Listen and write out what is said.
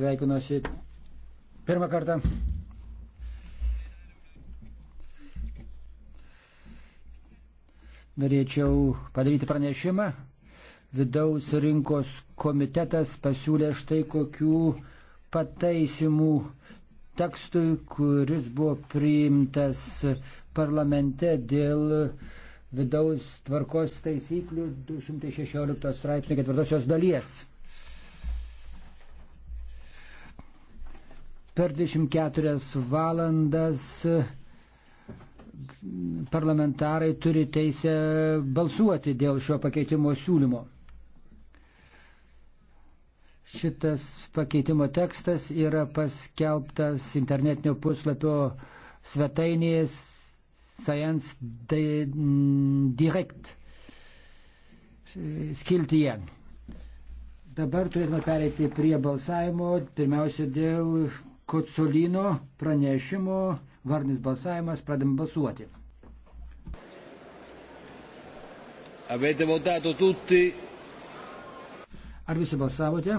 sveikinuosi pirmą kartą. Norėčiau padaryti pranešimą. Vidaus rinkos komitetas pasiūlė štai kokių pataisimų tekstui, kuris buvo priimtas parlamente dėl vidaus tvarkos taisyklių 216 straipsnio ketvirtosios dalies. per 24 valandas parlamentarai turi teisę balsuoti dėl šio pakeitimo siūlymo. Šitas pakeitimo tekstas yra paskelbtas internetinio puslapio svetainėje Science Direct skiltyje. Dabar turėtume pereiti prie balsavimo, pirmiausia dėl Kocolino pranešimo vardinis balsavimas, pradėm balsuoti. Avete votato tutti? Ar visi balsavote?